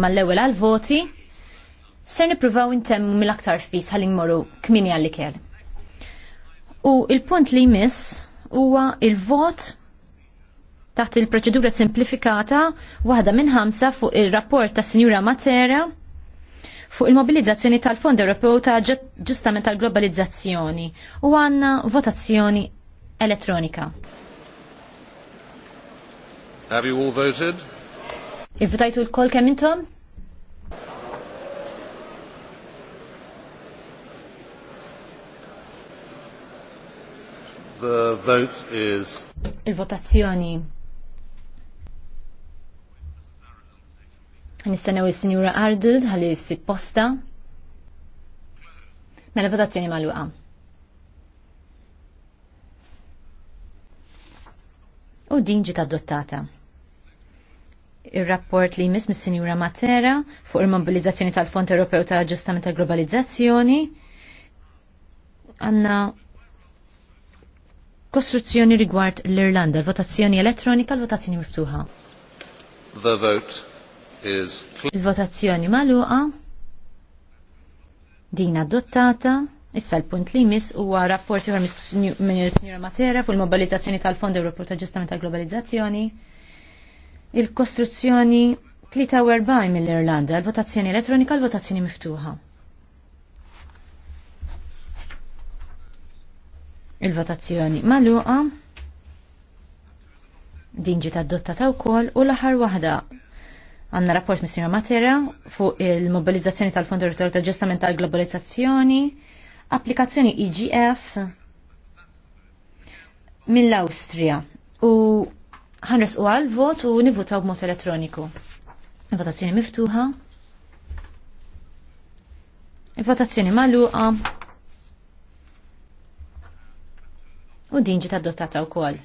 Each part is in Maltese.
mal-ewwel għal-voti, ser nippruvaw intemmu mill-aktar fis ħalli nmorru kmini għall-ikel. U il-punt li jmiss huwa il-vot taħt il-proċedura simplifikata waħda minn ħamsa fuq il-rapport ta' Sinjura Matera fuq il-mobilizzazzjoni tal-Fond Ewropew ta' ġustament tal-globalizzazzjoni u għanna votazzjoni elettronika. Have you all voted? Ivvutajtu l-kol kemm intom? The vote is Il-votazzjoni. Nistennew is-Sinjura Ardild għalli s posta. Mela votazzjoni magħluqa. U din ġiet adottata il-rapport li jmiss mis-Sinjura Matera fuq il-mobilizzazzjoni tal-Fond Ewropew ta' Aġġustament tal-Globalizzazzjoni. Għanna kostruzzjoni rigward l-Irlanda, l-votazzjoni elettronika, l-votazzjoni miftuħa. The vote is Il-votazzjoni maluqa din adottata. Issa l-punt li jmiss huwa rapporti ieħor mis sinjura Matera fuq il-mobilizzazzjoni tal-Fond Ewropew ta' Aġġustament tal-Globalizzazzjoni il-kostruzzjoni 43 mill-Irlanda, l-votazzjoni elettronika, l-votazzjoni miftuħa. Il-votazzjoni maluqa, dinġi ta' dotta ta' wkoll u l-aħħar waħda għanna rapport mis Matera fuq il-mobilizzazzjoni tal-Fond Territorju tal-Ġestament tal-Globalizzazzjoni, applikazzjoni IGF e mill-Awstrija u ħanres u għal vot u nivutaw b'mod elettroniku. Votazzjoni miftuħa. Votazzjoni magħluqa. U din ġiet adottata wkoll.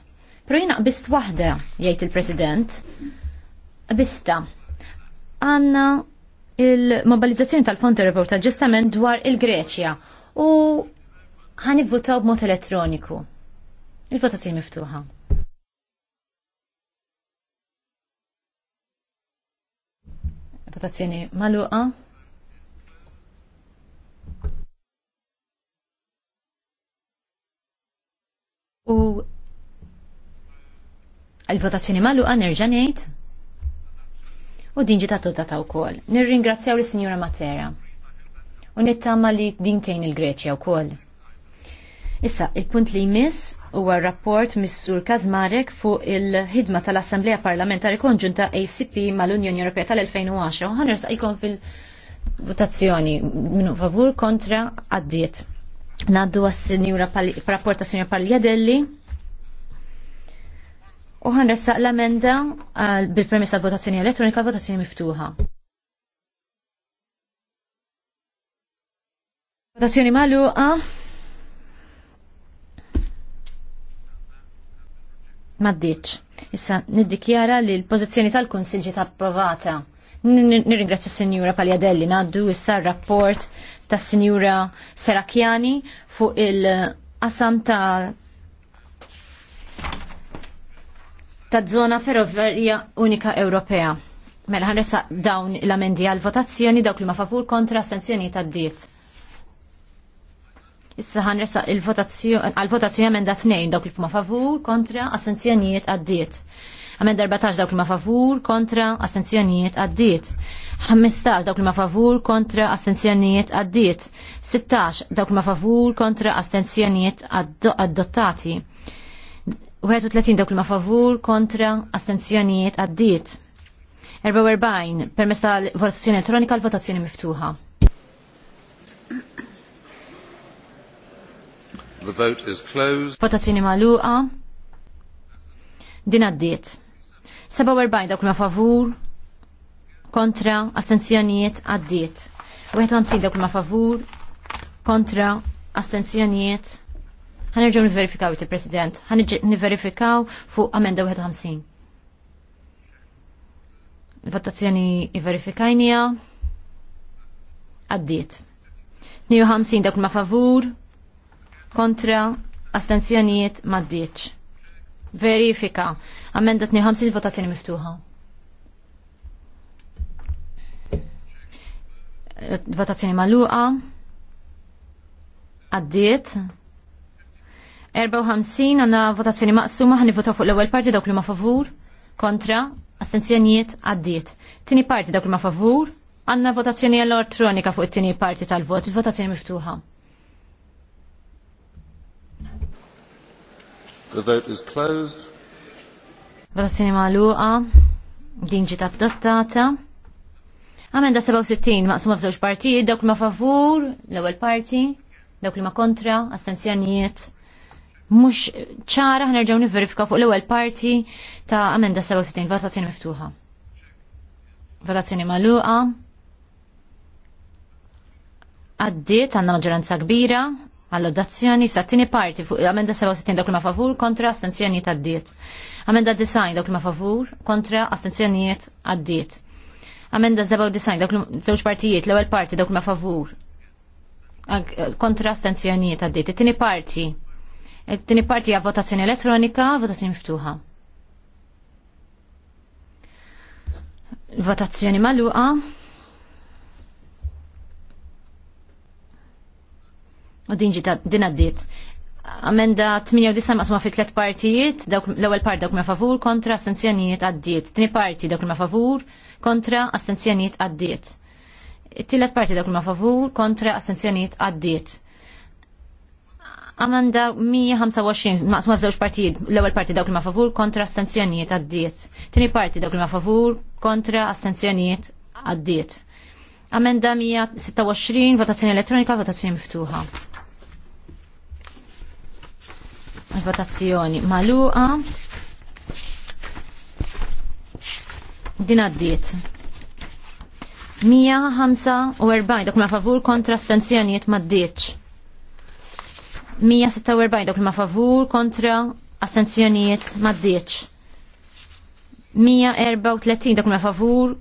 Però jiena qbist waħda, jgħid il-President. Qbista. Għandna il-mobilizzazzjoni tal-Fond Report ta' ġustament dwar il-Greċja u ħanivvutaw b'mod elettroniku. Il-votazzjoni miftuħa. votazzjoni maluqa. U il-votazzjoni maluqa nerġa' ngħid u din ta' u wkoll. Nirringrazzjaw lis-Sinjura Matera u nittama li din tejn il-Greċja wkoll. Issa, il-punt li jmiss huwa rapport Missur Kazmarek fuq il-ħidma tal-Assemblea Parlamentari Konġunta ACP mal-Unjoni Ewropea tal-2010. Ħaners jkun fil-votazzjoni minu favur kontra għaddiet. Naddu għas-sinjura rapport ta' sinjura Paljadelli. U ħan l-amenda bil-premis tal-votazzjoni elettronika votazzjoni miftuħa. Votazzjoni maluqa. Maddiċ. Issa niddikjara li l-pożizzjoni tal-Kunsil ġiet approvata. Nirringrazzja Sinjura Paljadelli ngħaddu issa r-rapport tas Sinjura Serakjani fuq il-qasam ta' ta' zona ferroverja unika Ewropea. Mela ħanresa dawn l-amendi għal votazzjoni dawk li ma favur kontra sanzjoni tad-diet. Issa resa għal-votazzjoni emenda nejn dawk li huma favur kontra astenzjonijiet għaddiet. Emenda 14 dawk li ma favur kontra astenzjonijiet għaddiet. 15 dawk li ma favur kontra astenzjonijiet għaddiet, 16 dawk li ma favur kontra astenzjonijiet adottati, 31 dawk li ma favur kontra astenzjonijiet għaddiet, 44 permessa votazzjoni elettronika l-votazzjoni miftuħa. The vote is closed. Votazzjoni maluqa. Din għaddiet. 47 dawk ma favur, kontra, astenzjonijiet għaddiet. 51 dawk ma favur, kontra, astenzjonijiet. Ħanerġaw niverifikaw il-President. Ħanerġaw fuq amenda 51. Votazzjoni i-verifikajnija. Għaddiet. 52 dak ma favur, kontra astenzjonijiet maddiċ. Verifika. Amenda 52 votazzjoni miftuħa. Votazzjoni maluqa. Addiet. 54 għanna votazzjoni maqsuma ħani votaw fuq l-ewwel parti dawk li ma favur, kontra, astenzjonijiet għaddiet. Tini parti dawk li ma favur, għanna votazzjoni elettronika fuq it-tini parti tal-vot, il-votazzjoni miftuħa. The vote is closed. Votazzjoni magħluqa. Din ġiet adottata. Amenda 67 maqsuma f'żewġ partijiet, dawk li ma favur l-ewwel parti, dawk li ma kontra, astensjonijiet. Mhux ċara ħnerġgħu nivverifika fuq l-ewwel parti ta' amenda 67 votazzjoni miftuħa. Votazzjoni magħluqa għaddiet għandna maġġoranza kbira, Alla-dazzjoni sa' tini parti fuq amenda 67 dakul ma' favur kontra astenzjoni ta' diet. Amenda design dakul ma' favur kontra astenzjonijiet għaddiet. Amenda 97 dakul żewġ partijiet l-ewwel parti dakul ma' favur eh, kontra astenzjonijiet għaddiet. It-tieni parti it-tieni parti għav votazzjoni elettronika, votazzjoni miftuħa. Votazzjoni magħluqa. Din din din għaddiet. Amenda 98 maqsuma fi tlet partijiet, dawk l-ewwel part dawk ma favur kontra astenzjonijiet għaddiet. Tieni parti dawk ma favur kontra astenzjonijiet għaddiet. It-tielet parti dawk ma favur kontra astenzjonijiet għaddiet. Amanda 125 maqsma f'żewġ partijiet, l-ewwel parti dawk ma favur kontra astenzjonijiet għaddiet. Tieni parti dawk ma favur kontra astenzjonijiet għaddiet. Amenda 126 votazzjoni elettronika, votazzjoni miftuħa votazzjoni maluqa. Din għaddiet. 145 dak ma favur kontra astenzjonijiet ma ddiċ. 146 dak ma favur kontra astenzjonijiet ma ddiċ. 134 dok ma favur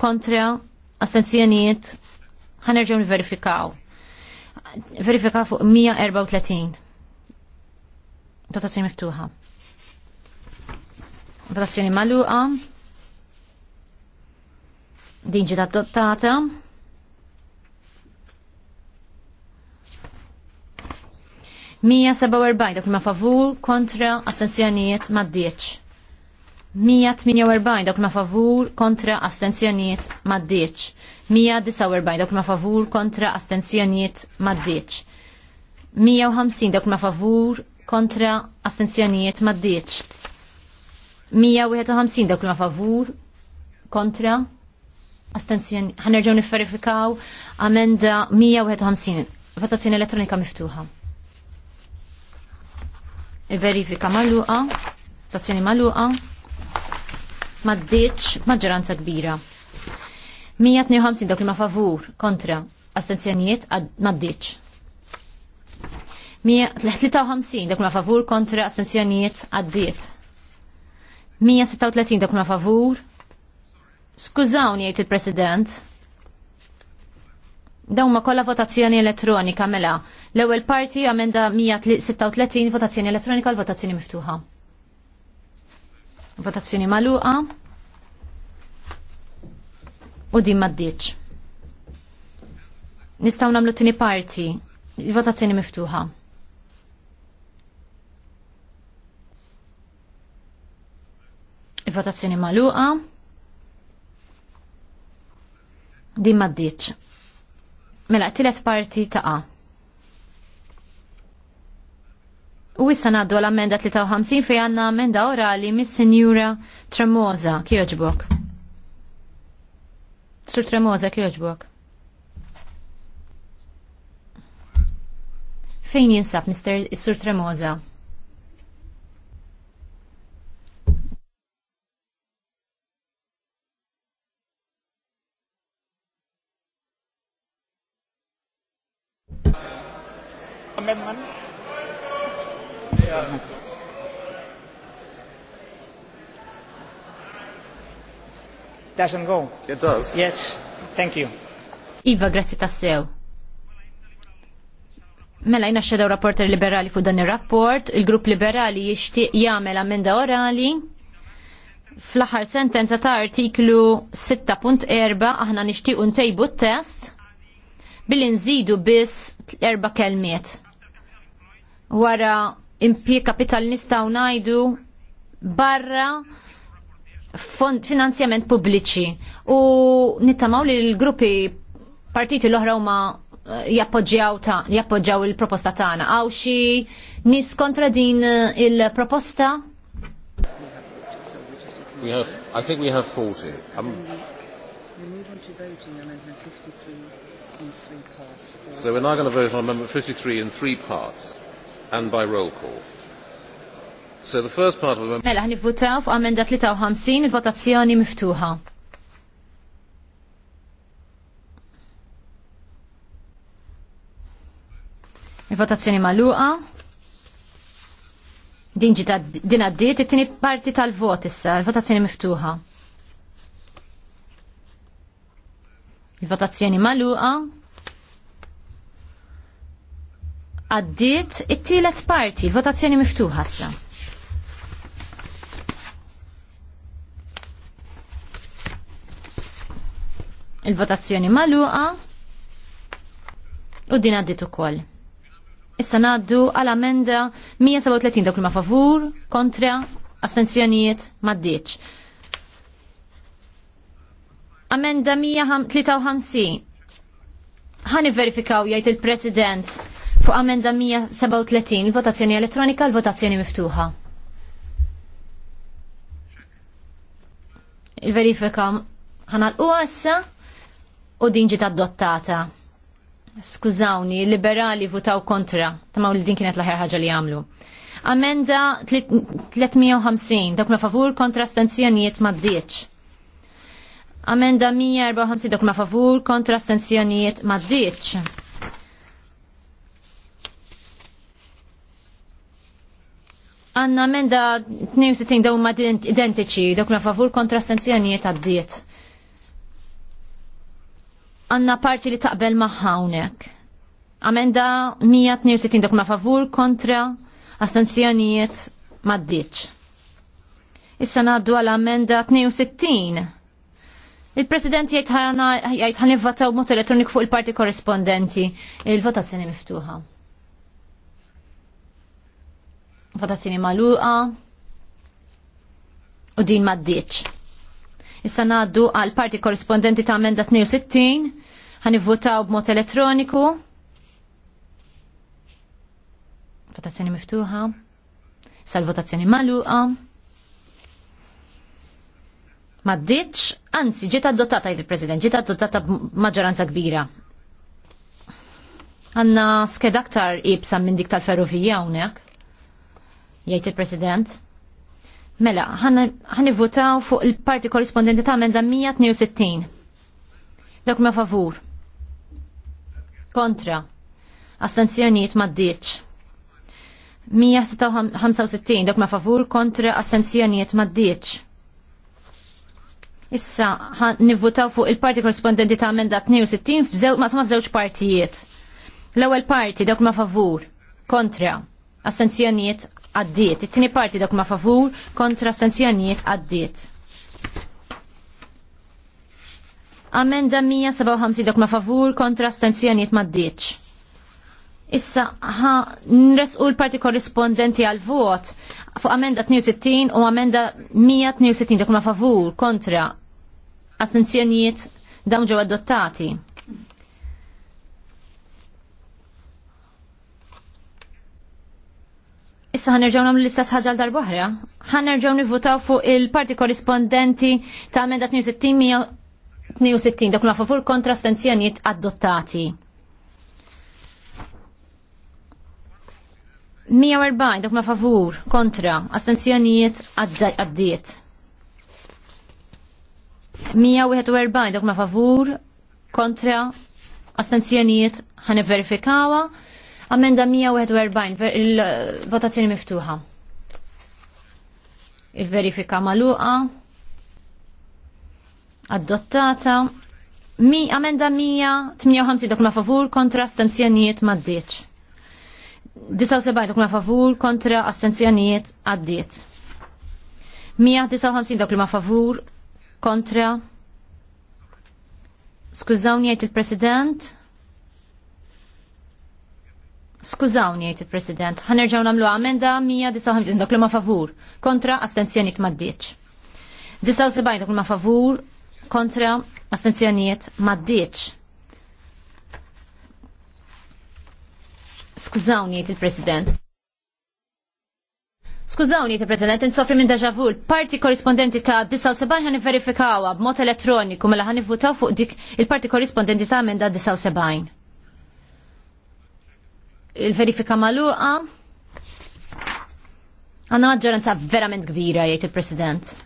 kontra astenzjonijiet ħanerġgħu verifikaw Verifikaw fuq 134. Dotazzjoni miftuħa. Votazzjoni maluqa. Din ġiet dotata. Mija seba' dok ma favur kontra astenzjonijiet ma' dieċ. erbaj, dak ma favur kontra astenzjonijiet ma' dieċ. erbaj, dok ma favur kontra astenzjonijiet ma' dieċ. hamsin, dak ma favur kontra astenzjonijiet maddiċ. 151 dak ma favur kontra astenzjonijiet. ħanerġgħu nifferifikaw amenda 151 votazzjoni elettronika miftuħa. Verifika magħluqa, votazzjoni magħluqa, maddiċ maġġoranza kbira. 152 dak ma favur kontra astenzjonijiet maddiċ. 153 dak ma favur kontra astenzjonijiet għaddiet. 136 dak ma favur. Skużawni jgħid il-President. Dawn ma kollha votazzjoni elettronika mela. L-ewwel parti għamenda 136 votazzjoni elettronika l-votazzjoni miftuħa. Votazzjoni magħluqa. U din maddiċ. Nistaw Nistgħu nagħmlu tieni parti. Votazzjoni miftuħa. Il-votazzjoni maluqa. Din ddiċ Mela, t-tilet parti ta' A. U issa naddu għal-ammenda 53 fej għanna ammenda orali mis sinjura Tremoza, kjoġbok. Sur Tremoza, kjoġbok. Fejn jinsab, Mr. Sur Tremoza? doesn't go. It does. Yes. Thank you. Iva, grazzi tassew. Mela jina xedaw rapporter liberali fuq dan ir-rapport, il grupp liberali jixtieq jagħmel amenda orali fl-aħħar sentenza ta' artiklu 6.4 aħna nixtiequ ntejbu t-test billi nżidu biss erba kelmiet. Wara impi kapital nistgħu ngħidu barra fond finanzjament pubbliċi u nittamaw li l-gruppi partiti l-oħra huma eh, jappoġġjaw ta' il-proposta tagħna. Għaw xi nies kontra din eh, il-proposta? We have, I think we have 40. Um, we move on to voting amendment 53 in three parts. So we're now going to vote on amendment 53 in three parts and by roll call. So the first part of the Mela ħni fuq amenda 53 il-votazzjoni miftuħa. Il-votazzjoni magħluqa. Din ġita din għaddiet it-tieni parti tal-vot issa, il-votazzjoni miftuħa. Il-votazzjoni magħluqa. Għaddiet it-tielet parti, il-votazzjoni miftuħa issa. Il-votazzjoni maluqa u din għaddit ukoll. Issa naddu għal amenda 137 dak ma favur, kontra, astenzjonijiet maddiċ. Amenda 153. Ħani verifikaw jgħid il-President fuq amenda 137 il-votazzjoni elettronika, il-votazzjoni miftuħa. Il-verifika ħanal u għassa u din ġiet adottata. Skużawni, liberali votaw kontra, ta' li din kienet l-ħar ħaġa li għamlu. Amenda 350, dak ma favur kontra stanzjonijiet ma d-dieċ. Amenda 154, dak ma favur kontra stanzjonijiet ma d-dieċ. Għanna amenda 62 daw ma identiċi, dok ma favur kontra stanzjonijiet għaddiet għanna parti li taqbel maħħawnek. Amenda 162 dak ma favur kontra astanzjonijiet maddiċ. Issa naddu għal amenda 62. Il-President jgħid ħan votaw mod elettronik fuq il-parti korrespondenti. Il-votazzjoni miftuħa. Votazzjoni maluqa. U din maddiċ. Issa naddu għal parti korrespondenti ta' amenda 62 Ħanivvutaw b'mod elettroniku. Votazzjoni miftuħa. Sal-votazzjoni magħluqa. Maddiċ, anzi, ġiet adottata il-President, ġiet adottata b'maġġoranza kbira. Għanna skeda aktar ibsa minn dik tal-ferrovija hawnhekk. Jgħid il-President. Mela, ħanivvotaw fuq il-parti korrispondenti ta' amenda 162. Dak ma favur kontra, astenzjonijiet maddiċ. 165 dok ma favur kontra astenzjonijiet maddiċ. Issa nivvutaw fuq il-parti korrispondenti ta' amenda 62 f'żewġ ma' f'żewġ partijiet. L-ewwel parti dok ma favur kontra astenzjonijiet għaddiet. It-tieni parti dok ma favur kontra astenzjonijiet għaddiet. Amenda 157 dok ma favur kontra astenzjonijiet ma ddiċ. Issa ħa nresqu l-parti korrispondenti għal vot fuq amenda 62 u amenda 162 dok ma favur kontra astenzjonijiet dawn ġew adottati. Issa ħanerġaw namlu l-istess ħaġa l-darbohra. ħanerġaw nivvutaw fuq il-parti korrispondenti ta' amenda 62 62 dak nafu fuq kontra stenzjonijiet adottati. 140 dak ma favur kontra astenzjonijiet għaddiet. 141 dak ma favur kontra astenzjonijiet ħane verifikawa. Amenda 141 il-votazzjoni miftuħa. Il-verifika maluqa adottata mi amenda 158 dak ma favur kontra astenzjonijiet ma ddiċ. 79 dak favur kontra astenzjonijiet għaddiet. 159 dak ma favur kontra Skużawni jgħid il-President. Skużawni għajt il-President. Għanerġaw namlu amenda 159 dak ma favur kontra astenzjonijiet ma ddiċ. 79 dak ma favur kontra astenzjonijiet maddiċ. Skużawni, il-President. Skużawni, il-President, insofri minn deja vu, l-parti korrispondenti ta' disaw 79 ħan verifikawa b'mod elettroniku mela ħan votaw fuq dik il-parti korrispondenti ta' minn da' sebaħi. Il-verifika maluqa għanna maġġoranza verament kbira jgħid il-President.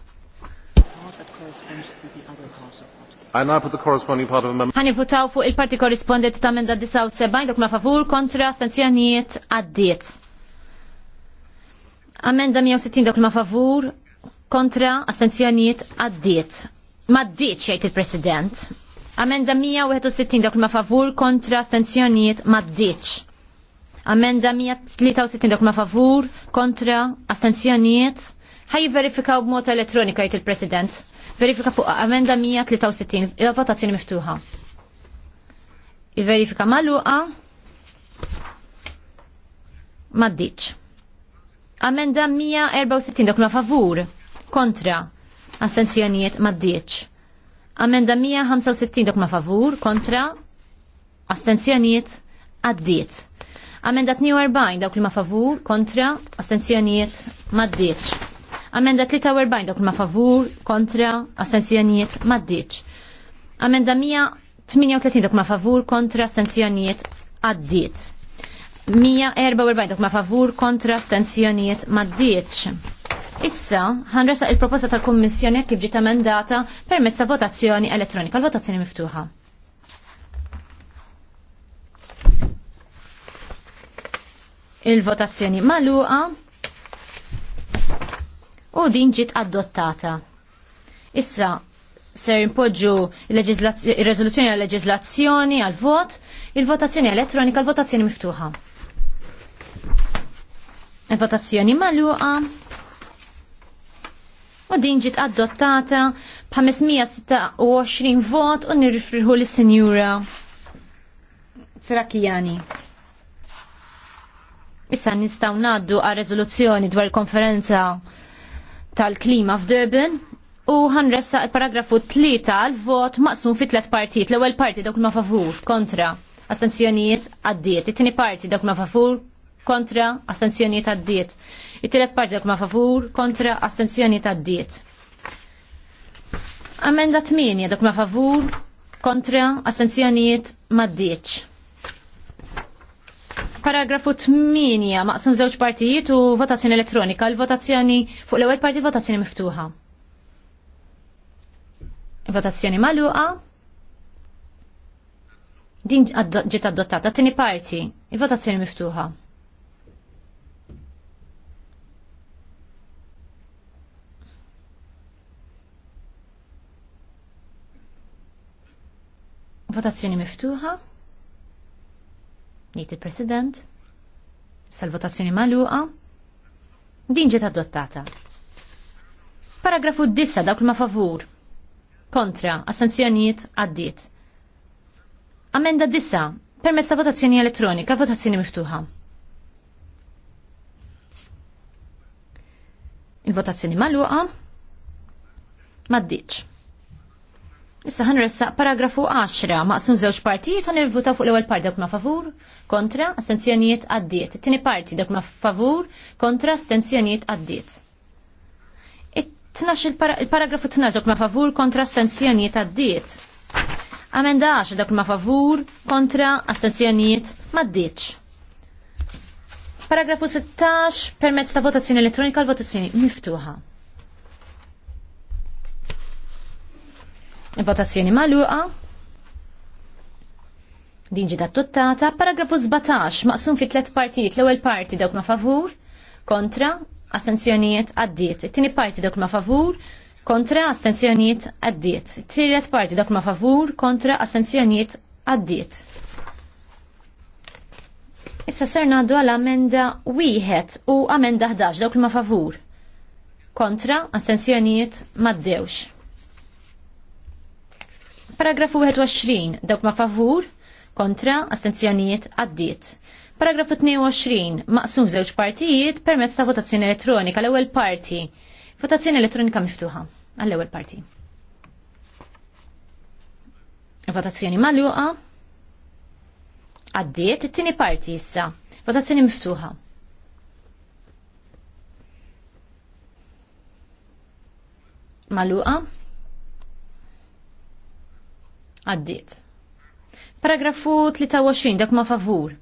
Ħani votaw fuq il-parti korrispondenti ta' menda 79 dok ma' favur kontra stanzjonijiet għaddiet. Amenda 160 dok ma' favur kontra astenzjonijiet għaddiet. Ma' ddiet xejt il-President. Amenda 161 dok ma' favur kontra astenzjoniet, ma' ddiet. Amenda 163 dok ma' favur kontra astenzjoniet. ħaj verifikaw b'mod elettronika jt il-President. Verifika fuq amenda 163, il-votazzjoni miftuħa. Il-verifika maluqa maddiċ. Amenda 164, dak favur, kontra, astenzjonijiet maddiċ. Amenda 165 dak ma favur, kontra, astenzjonijiet, għaddiet. Amenda 42 dak ma favur, kontra, astenzjonijiet, maddiet. Amenda 43 dok ma favur, kontra, astensjonijiet ddiċ. Amenda 138 dok ma favur, kontra, astensjonijiet għaddiet. 144 dok ma favur, kontra, astensjonijiet ddiċ. Issa, ħanresa il-proposta tal-Kommissjoni kif ġiet emendata permezz ta' votazzjoni elettronika, l-votazzjoni miftuħa. Il-votazzjoni maluqa u din ġiet adottata. Issa ser impoġġu il-rezoluzzjoni għal leġislazzjoni għal vot, il-votazzjoni elettronika, il-votazzjoni miftuħa. Il-votazzjoni magħluqa u din ġiet adottata b'526 vot u nirrifriħu lis-Sinjura Srakijani. Issa nistgħu ngħaddu għal rezoluzzjoni dwar konferenza tal-klima f'Durban u ħanressa il-paragrafu 3 l-vot maqsum fi tlet partijiet. L-ewwel parti dawk ma favur kontra astenzjonijiet għaddiet. It-tieni parti dawk ma favur kontra astenzjonijiet għaddiet. It-tielet parti dawk ma favur kontra astenzjonijiet għaddiet. Amenda 8 dawk ma favur kontra astenzjonijiet maddiċ. Paragrafu 8 maqsum żewġ partijiet u votazzjoni elettronika. Il-votazzjoni fuq l-ewwel parti votazzjoni miftuħa. Votazzjoni magħluqa. Din ġiet adottata. Tieni parti, il-votazzjoni miftuħa. Votazzjoni miftuħa jgħid il-President, sal-votazzjoni magħluqa, din ġiet adottata. Paragrafu 9 dawk ma favur. Kontra, astenzjonijiet għaddiet. Amenda 9, permezz ta' votazzjoni elettronika, votazzjoni miftuħa. Il-votazzjoni magħluqa ma ddiċ. Issa ħanressaq paragrafu 10, maqsum żewġ partijiet għan votaw fuq l-ewwel parti dak ma' favur, kontra, astenzjonijiet għaddiet. It-tieni parti dak ma' favur, kontra, astenzjonijiet għaddiet. Il-paragrafu 12 dak ma' favur, kontra, astenzjonijiet għaddiet. Amenda 10 dak ma' favur, kontra, astenzjonijiet maddiċ. Paragrafu 16, permezz ta' votazzjoni elettronika l-votazzjoni miftuħa. Votazzjoni maluqa. Din dat tuttata Paragrafu 17 maqsum fi tliet partijiet. L-ewwel parti dawk ma' favur, kontra, astenzjonijiet għaddiet. It-tieni parti dawk ma' favur, kontra, astenzjonijiet għaddiet. It-tielet parti dawk ma' favur, kontra, astenzjonijiet għaddiet. Issa ser ngħaddu għal amenda wieħed u amenda 11 dawk ma' favur. Kontra, astenzjonijiet maddewx. Paragrafu 21, dawk ma favur, kontra, astenzjonijiet għaddiet. Paragrafu 22, maqsum żewġ partijiet permezz ta' votazzjoni elettronika l-ewwel parti. Votazzjoni elettronika miftuħa għall-ewwel parti. Votazzjoni maluqa, Għaddiet it-tieni parti issa. Votazzjoni miftuħa. Maluqa, Għaddiet. Paragrafu 23, dak ma favur.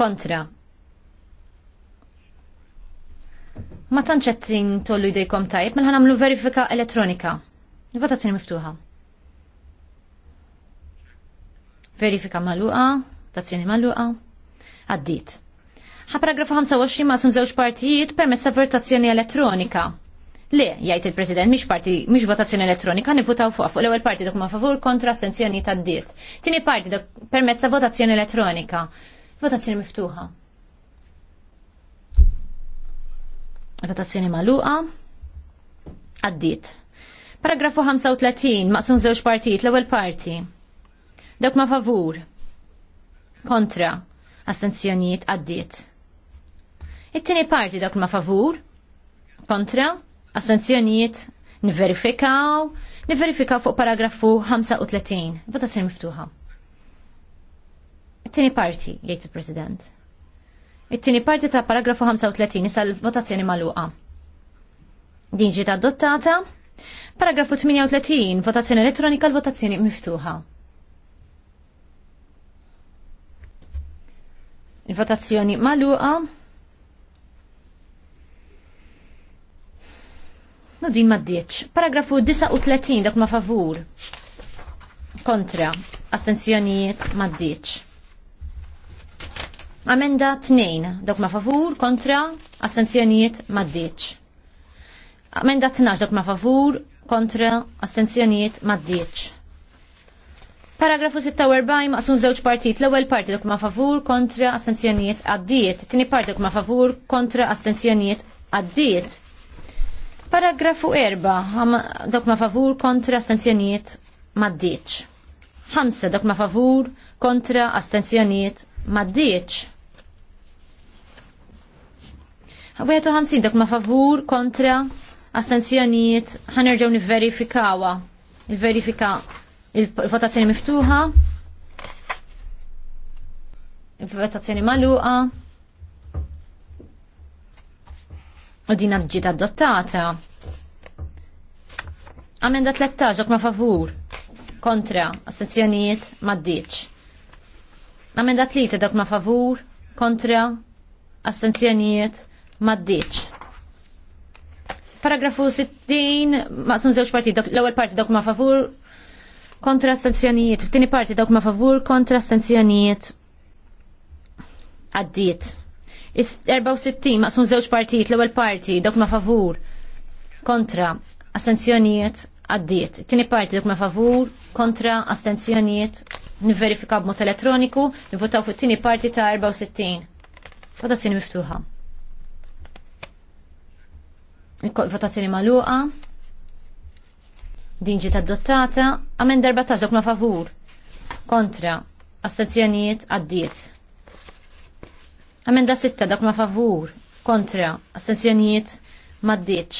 Kontra. Ma tanċettin tollu jdejkom tajb, ma mela ħanamlu verifika elettronika. Votazzjoni miftuħa. Verifika maluqa, tazzjoni maluqa. Għaddit. Ħa paragrafu 25 ma' sum partijiet permezz ta' votazzjoni elettronika. Le, jgħid il-President, miex parti, mhix votazzjoni elettronika, nivutaw fuq fuq l-ewwel parti dok ma favur kontra astenzjoni tad-diet. Tieni parti dok permezz ta' votazzjoni elettronika. Votazzjoni miftuħa. Votazzjoni magħluqa. Għaddiet. Paragrafu 35, maqsum żewġ partijiet, l-ewwel parti. Dok ma favur. Kontra. Astenzjonijiet għaddiet. It-tieni parti dok ma favur. Kontra Assenzjonijiet niverifikaw, niverifikaw fuq paragrafu 35. Votazzjoni miftuħa. It-tieni parti, jgħid il-President. It-tieni parti ta' paragrafu 35 issa l-votazzjoni magħluqa. Din ġiet adottata. Paragrafu 38, votazzjoni elettronika, l-votazzjoni miftuħa. Il-votazzjoni magħluqa. No din ma ddiċ. Paragrafu 39 dak ma favur. Kontra. Astenzjonijiet ma ddiċ. Amenda 2 dak ma favur. Kontra. Astenzjonijiet ma ddiċ. Amenda 12 dak ma favur. Kontra. Astenzjonijiet ma ddiċ. Paragrafu 46 maqsum żewġ partit. L-ewwel parti dak ma' favur kontra astenzjonijiet għaddiet. Tieni parti dak ma' favur kontra astenzjonijiet għaddiet. Paragrafu 4, dok ma favur kontra astenzjonijiet maddiċ. 5, dok ma favur kontra astenzjonijiet maddiċ. 51 dok ma favur kontra astenzjonijiet ħanerġaw nif-verifikawa. Il-verifika il-votazzjoni miftuħa. Il-votazzjoni maluqa. U din ġiet adottata. Amenda 13 ma favur. Kontra, astenzjonijiet ma ddiċ. Amenda 3 dok ma favur. Kontra, astenzjonijiet ma ddiċ. Paragrafu 60, maqsum zewġ parti, l-ewwel parti dok ma favur kontra stanzjonijiet, tini parti dok ma favur kontra stanzjonijiet għaddiet. 64 maqsum żewġ partijiet l-ewwel parti dok ma favur kontra astenzjonijiet għaddiet. Tini parti dok ma favur kontra astenzjonijiet niverifika b'mod elettroniku nivvotaw fuq tini parti ta' 64. Votazzjoni miftuħa. Votazzjoni magħluqa. Din ġiet adottata. Amend 14 dok ma favur kontra astenzjonijiet għaddiet. Amenda sitta dak ma favur, kontra, astenzjonijiet maddiċ.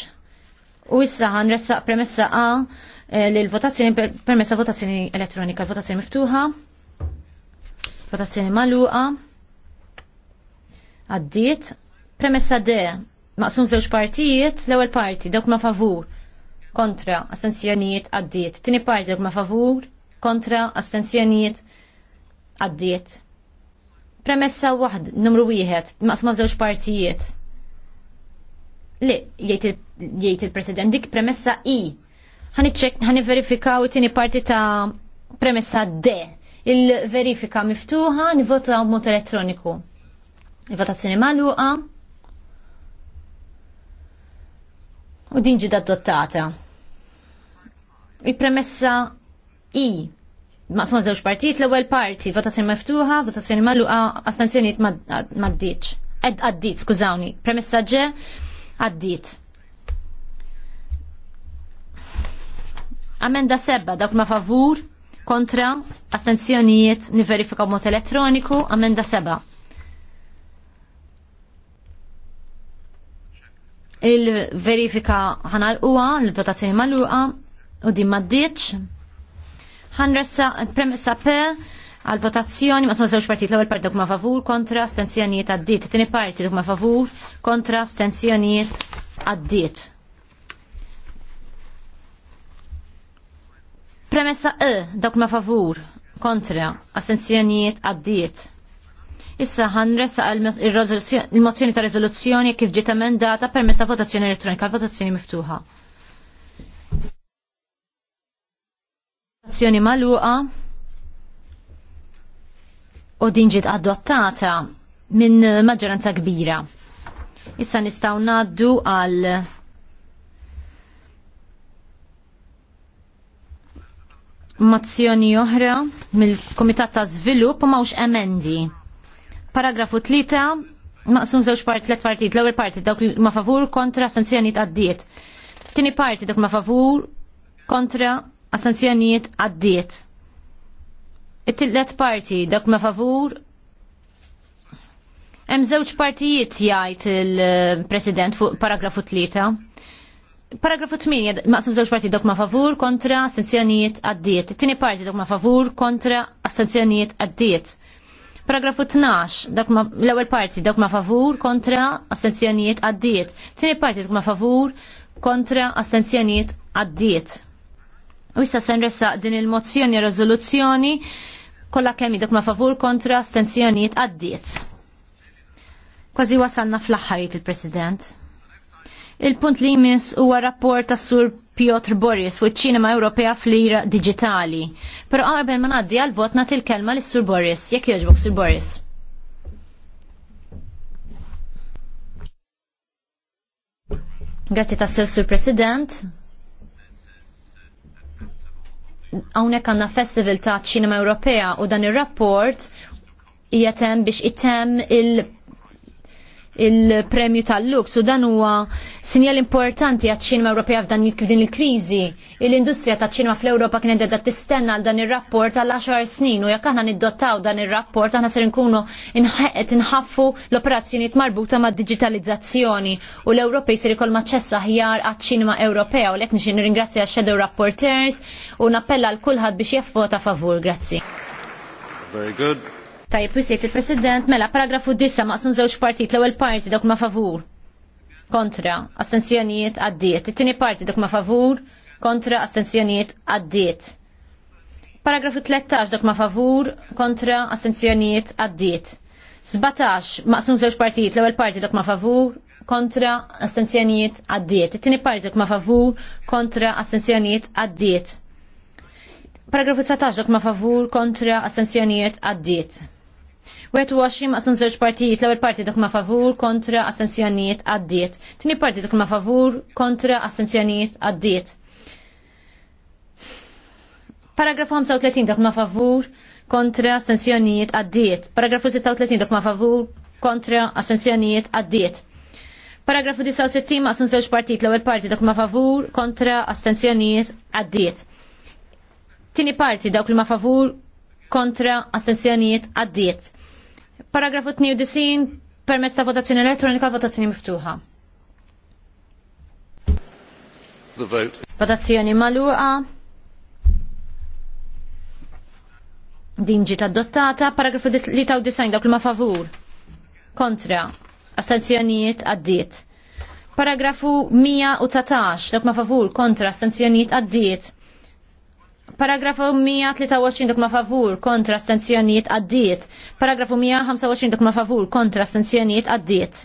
U issa għan ressaq premessa A eh, li l-votazzjoni permessa votazzjoni elettronika, votazzjoni miftuħa, votazzjoni maluqa, għaddiet, premessa D, maqsum żewġ partijiet, l-ewwel parti dak ma favur, kontra, astenzjonijiet għaddiet, tini parti dak ma favur, kontra, astenzjonijiet għaddiet. Premessa waħd, numru wieħed, maqsma żewġ partijiet. Li, jgħid il-President, dik premessa I. Ħani verifikaw it-tieni parti ta' premessa D. Il-verifika miftuħa, nivotu għaw mod elettroniku. Il-votazzjoni magħluqa. U din ġiet adottata. Il-premessa I maqsma żewġ partijiet l-ewwel parti, votazzjoni miftuħa, votazzjoni magħluqa, astenzjonijiet m'għaddiċ. Ed għaddit, skużawni, premessa ġe għaddit. Amenda sebba, dawk ma favur, kontra, astenzjonijiet, niverifika mod elettroniku, amenda seba. Il-verifika ħanal uwa, il-votazzjoni mal-uqa, u din maddiċ. Ħanressa premessa P għal votazzjoni ma żewġ partit l-ewwel part ma favur kontra stenzjonijiet għaddiet, tieni parti ma favur kontra stenzjonijiet għaddiet. Premessa E dok ma favur kontra astenzjonijiet għaddiet. Issa ħanresa il-mozzjoni ta' rezoluzzjoni kif ġiet emendata permezz ta' votazzjoni elettronika, votazzjoni miftuħa. Azzjoni maluqa u din ġiet adottata minn maġġoranza kbira. Issa nistgħu ngħaddu għal mozzjoni oħra mill-Kumitat ta' Żvilupp mawx emendi. Paragrafu 3 maqsum żewġ part tliet partit, l-ewwel parti dawk ma' favur kontra sanzjonijiet diet Tini parti dawk ma' favur kontra Astenzjonijiet għaddiet. It-tillet parti dak ma favur. Hemm żewġ partijiet jgħid il-President fuq paragrafu tlieta. Paragrafu 8 maqsum żewġ parti dok ma favur kontra astenzjonijiet għaddiet. It-tieni parti dok ma favur kontra astenzjonijiet għaddiet. Paragrafu 12, ma l-ewwel parti dok ma favur kontra astenzjonijiet għaddiet. Tieni parti dok ma favur kontra astenzjonijiet għaddiet. U issa se nressaq din il-mozzjoni rezoluzzjoni kollha kemm dak ma' favur kontra stenzjonijiet għaddiet. Kważi wasalna fl-aħħarijiet il-President. Il-punt li jmiss huwa rapport tas sur Piotr Boris fuq ċinema Ewropea fl-ira digitali. Però qabel ma ngħaddi għal vot nagħti kelma lis sur Boris, jekk jogħġbok Sur Boris. Grazzi tassel Sur President hawnhekk għandna festival ta' ċinema Ewropea u dan ir-rapport jgħatem biex item il- il-premju tal luks u dan huwa sinjal importanti għat ċinema Ewropea f'dan din il-kriżi. Il-industrija ta' ċinema fl-Ewropa kienet edha tistenna għal dan ir-rapport għal 10 snin u jekk aħna niddottaw dan ir-rapport aħna ser nkunu inħaffu l-operazzjonijiet marbuta mad digitalizzazzjoni u l-Ewropej ser ikollhom maċċessa aħjar għat ċinema Ewropea u lek nixin nirringrazzja shadow rapporteurs u nappella l kulħadd biex jaffota favur. Grazzi. Very good. Tajib, wisiet il-President, mela, paragrafu 10 maqsum żewġ partit, l-ewwel parti dok ma' favur. Kontra, astenzjonijiet għaddiet. It-tieni parti dok ma' favur, kontra, astenzjonijiet għaddiet. Paragrafu 13 dok ma' favur, kontra, astenzjonijiet għaddiet. 17 maqsun żewġ partijiet, l-ewwel parti dok ma' favur, kontra astenzjonijiet għaddiet. It-tieni parti ma' favur kontra astenzjonijiet għaddiet. Paragrafu 19 ma' favur kontra astenzjonijiet għaddiet washim maqsum żewġ partijiet, l-ewwel parti dak ma' favur kontra astensjonijiet għaddiet. Tini parti dak ma' favur kontra astensjonijiet għaddiet. Paragrafu 35 dak ma' favur kontra astensjonijiet għaddiet. Paragrafu 36 dak ma' favur kontra astensjonijiet għaddiet. Paragrafu 69 maqsum żewġ partijiet, l-ewwel parti dak ma' favur kontra astensjonijiet għaddiet. Tini parti dawk li ma' favur kontra astensjonijiet għaddiet Paragrafu 92 permezz ta' votazzjoni elettronika votazzjoni miftuħa. Votazzjoni maluqa. Din ġiet adottata. Paragrafu 39 dawk li ma favur. Kontra. Astenzjonijiet għaddiet. Paragrafu 119 dawk ma favur kontra astenzjonijiet għaddiet. Paragrafu 123 dak ma favur kontra stanzjonijiet għaddiet. Paragrafu 125 dak ma favur kontra stanzjonijiet għaddiet.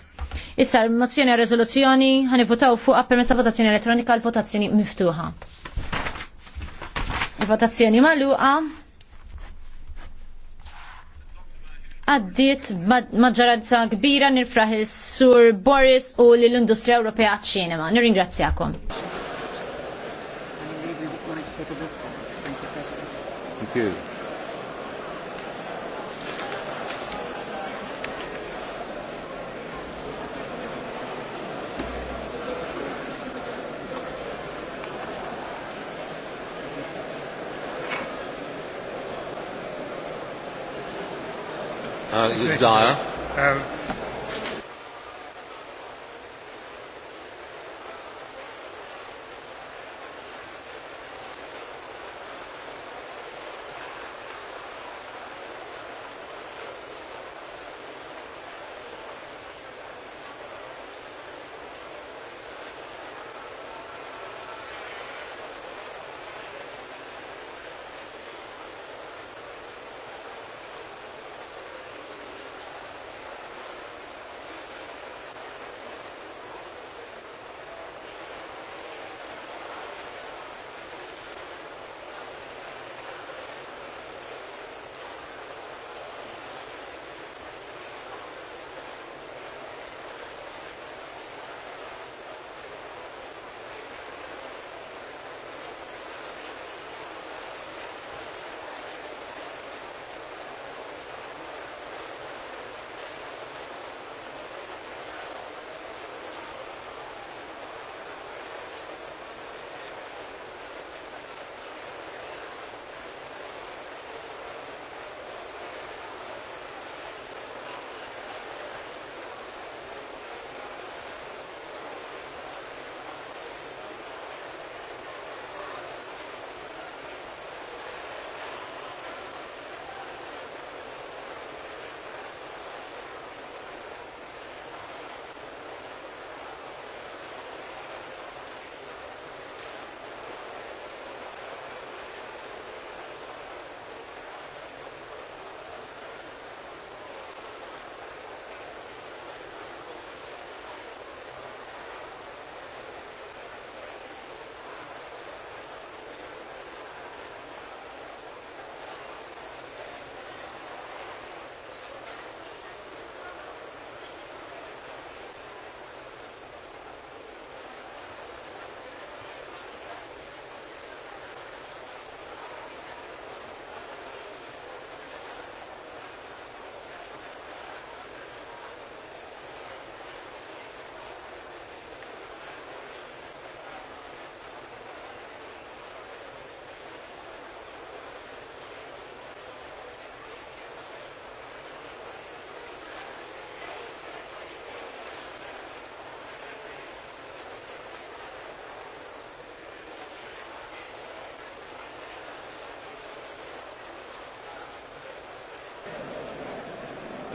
Issa l-mozzjoni għal rezoluzzjoni ħanivutaw fuq permess votazzjoni elettronika l-votazzjoni miftuħa. votazzjoni magħluqa għaddiet maġġoranza kbira nirfraħ sur Boris u l-Industrija Ewropea ċ-Ċinema. Nirringrazzjakom. you. Uh, is it Dyer? Um, uh,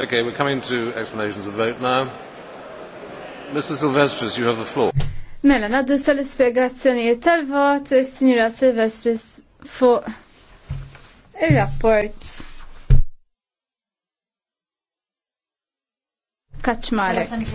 Okay, we're coming to explanations of vote now. Mr. Silvestris, you have the floor. Mela, naddu tal-ispiegazzjonijiet tal-vot, signora Silvestris, fuq il-rapport. Kaċmarek.